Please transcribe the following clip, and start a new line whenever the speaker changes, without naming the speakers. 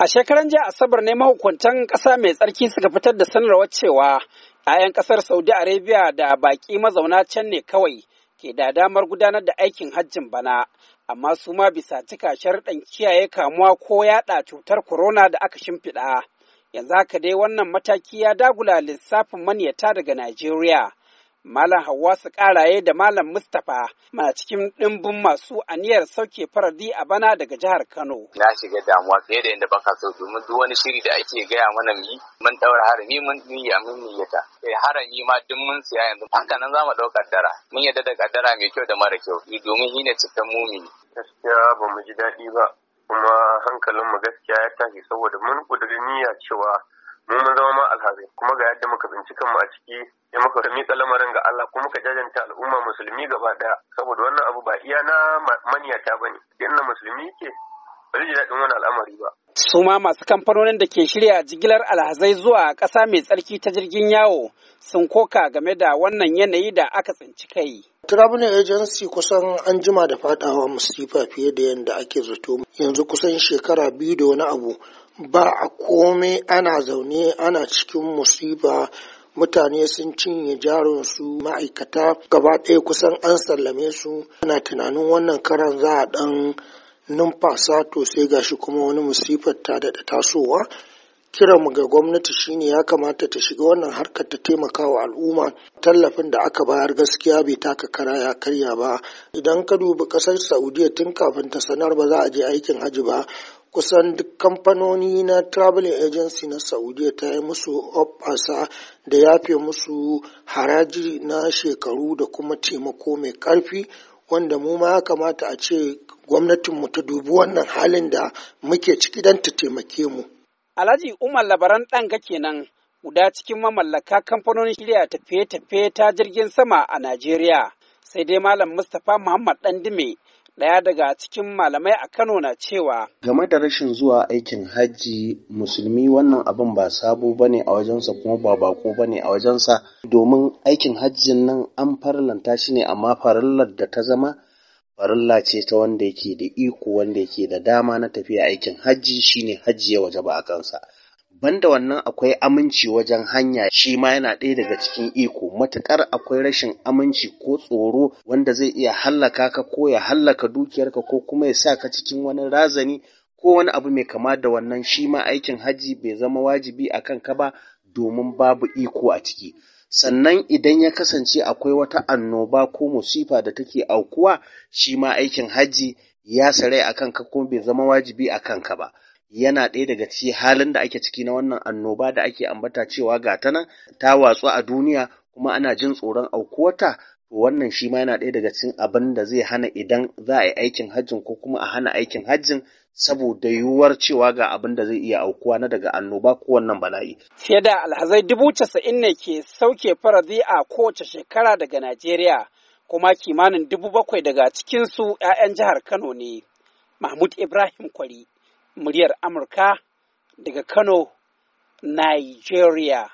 A shekaran jiya Asabar ne mahukuntan ƙasa mai tsarki suka fitar da sanarwar cewa 'ya'yan ƙasar Saudi Arabia da baƙi mazauna can ne kawai ke da damar gudanar da aikin hajjin bana, amma su ma bisa cika sharɗan kiyaye kamuwa ko yaɗa cutar corona da aka shimfiɗa. Yanzu haka dai wannan mataki ya dagula lissafin manyata daga Najeriya. Malam Hauwa su Karaye da Malam Mustapha ma cikin ɗimbin masu aniyar sauke faradi a bana daga jihar
Kano. Na shiga damuwa fiye da yadda baka so domin duk wani shiri da ake gaya mana mu mun ɗaura harami mun niyya mun niyyata. Kai eh, harami ma duk mun siya yanzu haka nan za mu ɗau kaddara. Mun yadda da kaddara mai kyau da mara kyau eh, domin shi ne cikin mumi. Gaskiya ba mu ji daɗi ba kuma hankalinmu gaskiya ya tashi saboda mun ƙudiri niyya cewa mu mun zama ma alhazai kuma ga yadda muka tsinci kanmu a ciki ya muka miƙa lamarin ga Allah kuma muka jajanta al'umma musulmi gaba daya saboda wannan abu ba iya na maniyata bane na musulmi ke ba zai ji daɗin wani al'amari ba
su ma masu kamfanonin da ke shirya jigilar alhazai zuwa ƙasa mai tsarki ta jirgin yawo sun koka game da wannan yanayi da aka tsinci kai.
Travel agency kusan an jima da fadawa musifa fiye da yadda ake zato yanzu kusan shekara biyu da wani abu ba a komai ana zaune ana cikin musiba mutane sun cinye jarinsu ma'aikata gaba ɗaya kusan an sallame su ana tunanin wannan karan za a ɗan numfasa to sai gashi kuma wani musifar ta daɗa tasowa kiranmu ga gwamnati shine ya kamata ta shiga wannan harkar ta taimaka wa al'umma tallafin da aka bayar gaskiya bai taka kara ya karya ba idan ka dubi kasar saudiya tun kafin ta sanar ba za a je aikin hajji ba kusan duk kamfanoni na traveling agency na saudiya ta yi musu opasa da yafe musu haraji na shekaru da kuma taimako mai karfi wanda mu ma ya kamata a ce gwamnatinmu ta dubi wannan halin da muke ciki don ta taimake mu
Alhaji Umar Labaran ɗanga kenan guda cikin mamallaka kamfanonin shirya tafiye-tafiye ta jirgin sama a Najeriya. Sai dai Malam Mustapha Muhammad Ɗandime ɗaya daga cikin malamai a Kano na cewa.
Game da rashin zuwa aikin hajji musulmi wannan abin ba sabo ba ne a wajensa kuma ba bako ba ne a wajensa domin aikin hajjin nan an farlanta shi ne amma farallar da ta zama farilla ce ta wanda yake da iko wanda yake da dama na tafiya aikin hajji shine hajji ya wajaba a kansa banda wannan akwai aminci wajen hanya shi ma yana ɗaya daga cikin iko matuƙar akwai rashin aminci ko tsoro wanda zai iya hallaka ka ko ya hallaka dukiyarka ko kuma ya sa ka cikin wani razani ko wani abu mai kama da wannan shi ma aikin hajji bai zama wajibi a kanka ba domin babu iko a ciki sannan idan ya kasance akwai wata annoba ko musifa da take aukuwa shi ma aikin hajji ya sarai a kanka ko bai zama wajibi a kanka ba yana ɗaya daga cikin halin da ake ciki na wannan annoba da ake ambata cewa ga ta nan ta watsu a duniya kuma ana jin tsoron aukuwarta wannan shi ma yana ɗaya daga cikin abin da zai hana idan za a yi aikin hajjin ko kuma a hana aikin hajjin saboda yiwuwar cewa ga abin da zai iya aukuwa na daga annoba ko wannan bala'i.
Fiye da alhazai dubu casa'in ne ke sauke faradi a kowace shekara daga Najeriya, kuma kimanin dubu bakwai daga cikinsu 'ya'yan jihar Kano ne. Mahmud Ibrahim Kwari, muryar Amurka daga Kano, Nigeria.